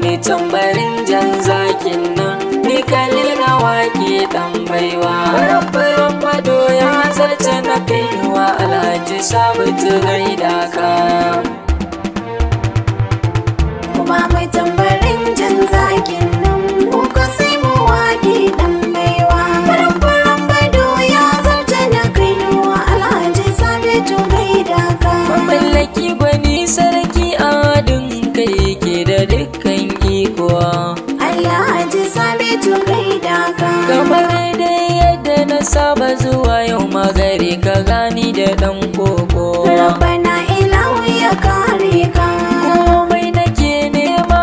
ni tambarin jan zakin nan, ni kalli na wake dan Rabbaran mado ya zarce na wa alhaji sabu ta gaida ka. Ɗan koko rabbana ilahu ya kare ka komai nake nema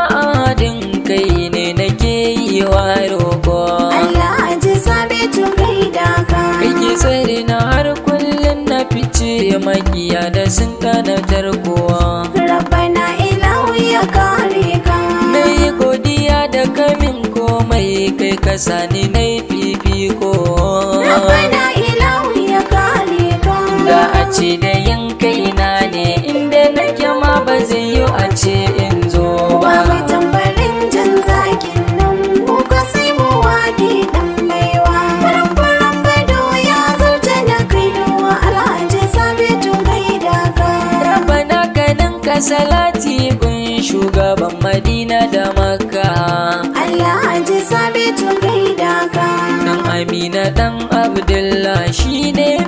adin kai ne nake yi wa roko Allah ji sabitu kai da ka kake tsari na har kullum na fice makiya da sun kana tarkowa rabbana ilahu ya kare ka nayi godiya da kamin komai kai ne na yi fifiko kare ka. da a ce da yin kaina ne inda na ma ba zai yi a ce in zo ba mai tambarin jin zakin nan mu ka sai mu wage dan baiwa faran gado ya zarta na kai nawa alhaji sabitu gaida ka raba na kanin ka salati gun shugaban madina da makka alhaji sabitu gaida ka nan amina dan abdullah shine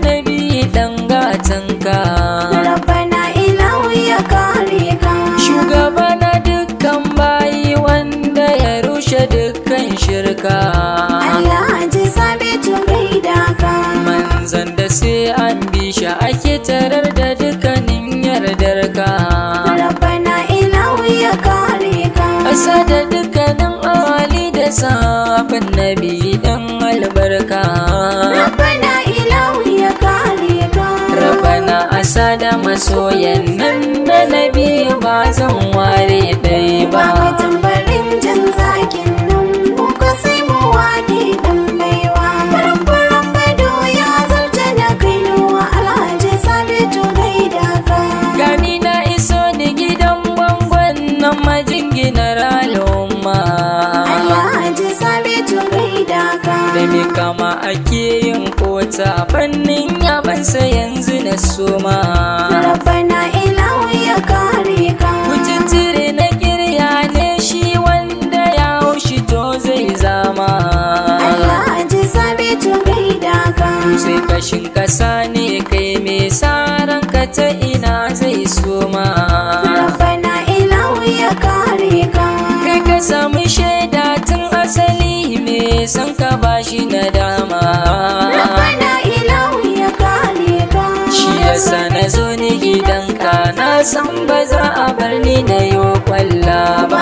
bukatunka na ina ya kare shugaba na dukkan bayi wanda ya rushe dukkan shirka Allah ji sabitu gaida ka manzan da sai an bi shi ake tare asa da masoyan nan na nabi ba zan ware ɗaya ba. Ba tambarin jan zakin nan, ko sai mu wani. da me kama ake yin kota fannin yabansa yanzu na soma rabbana ilahu ya kare ka kututtire na kirya ne shi wanda ya to zai zama Allah ji sabitu gaida ka sai kashin kasa ne kai mai saran ka ta ina zai soma rabbana ilahu ya kare ka kai ka samu shaida shi na dama Rabbana kare ka Shi yasa na zo ni gidanka na san ba za a bar ni na yo kwalla ba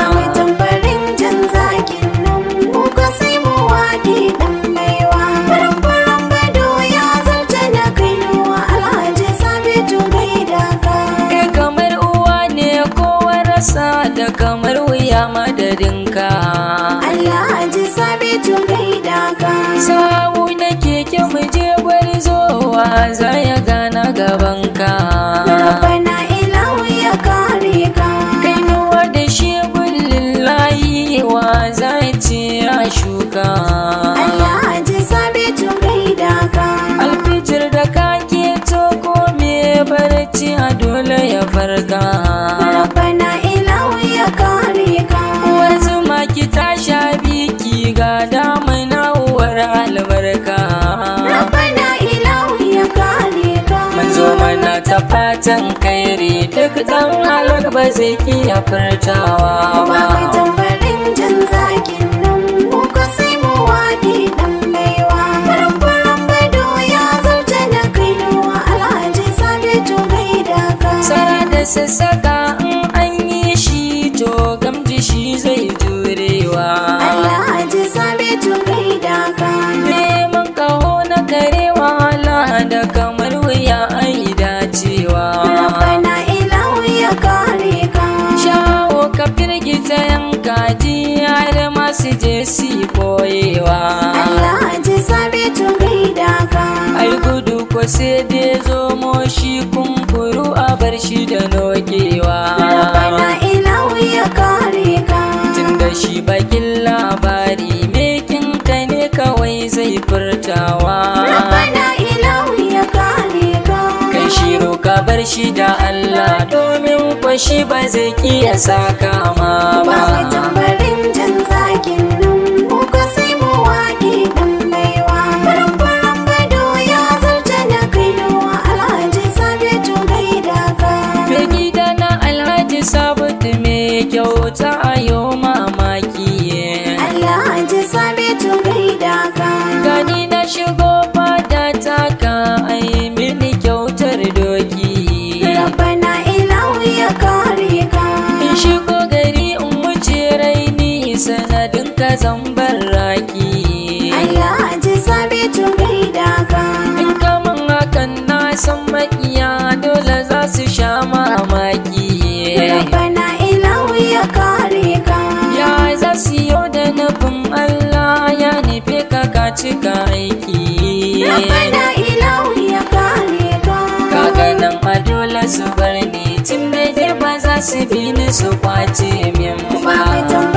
za ya gana gaban ka rabbana ilahu ya kare ka da shi lillahi wa ci ya shuka Allah ji sabitu gaida ka alfijir da ka ke to ko barci a dole ya farka rabbana ilahu ya kare ka wanzu ma ki tasha biki ga damuna albarka A fatan kairi duk dan halak ba zai iya furtawa ba. Ba tambarin jin zakin nan mu ka sai mu wadi dan baiwa. Faran bado ya zarta na kainuwa alhaji sabitu gaida ka. da sassaka ki ta kaji, ji har masu je koyewa shi da Allah domin kwashi ba zai iya saka ma ba. Ba tambarin jan zagin nan, ko sai mu waƙi san barraki Allah ji sabi tukai daga in kaman hakan na san maƙiya dole za su sha mamaki Rabbana ilahu ya kare ka ya za su yo da nufin Allah ya nufe ka ka cika aiki Rabbana ilahu ya kare ka kaga nan ma dole su bar ni tun da ba za su bi ni su kwace min ba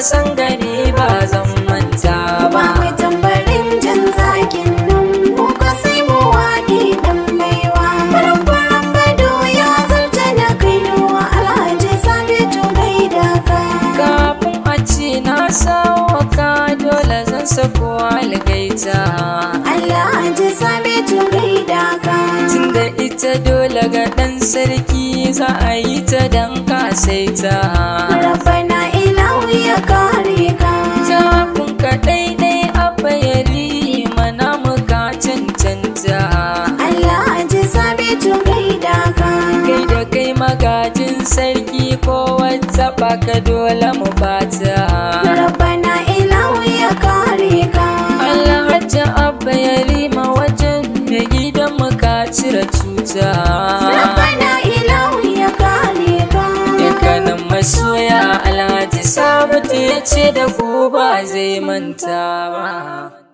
san gani ba zan manta ba. Ba mai tambarin jan zagin nan ko ka sai mu waɗi ɗan baiwa. Faran bado ya zarta na kainuwa alhaji sabitu gai da ka. Kafin a ce na sawa ka dole zan sako algaita. Alhaji sabitu gai da ka. da ita dole ga ɗan sarki za a yi ta dan kasaita. Rabana kare ka jafin ka daidai a fayali mana muka cancanta Allah sabitu gaida ka kai da kai magajin sarki ko wata baka dole mu bata ce da ba zai manta ba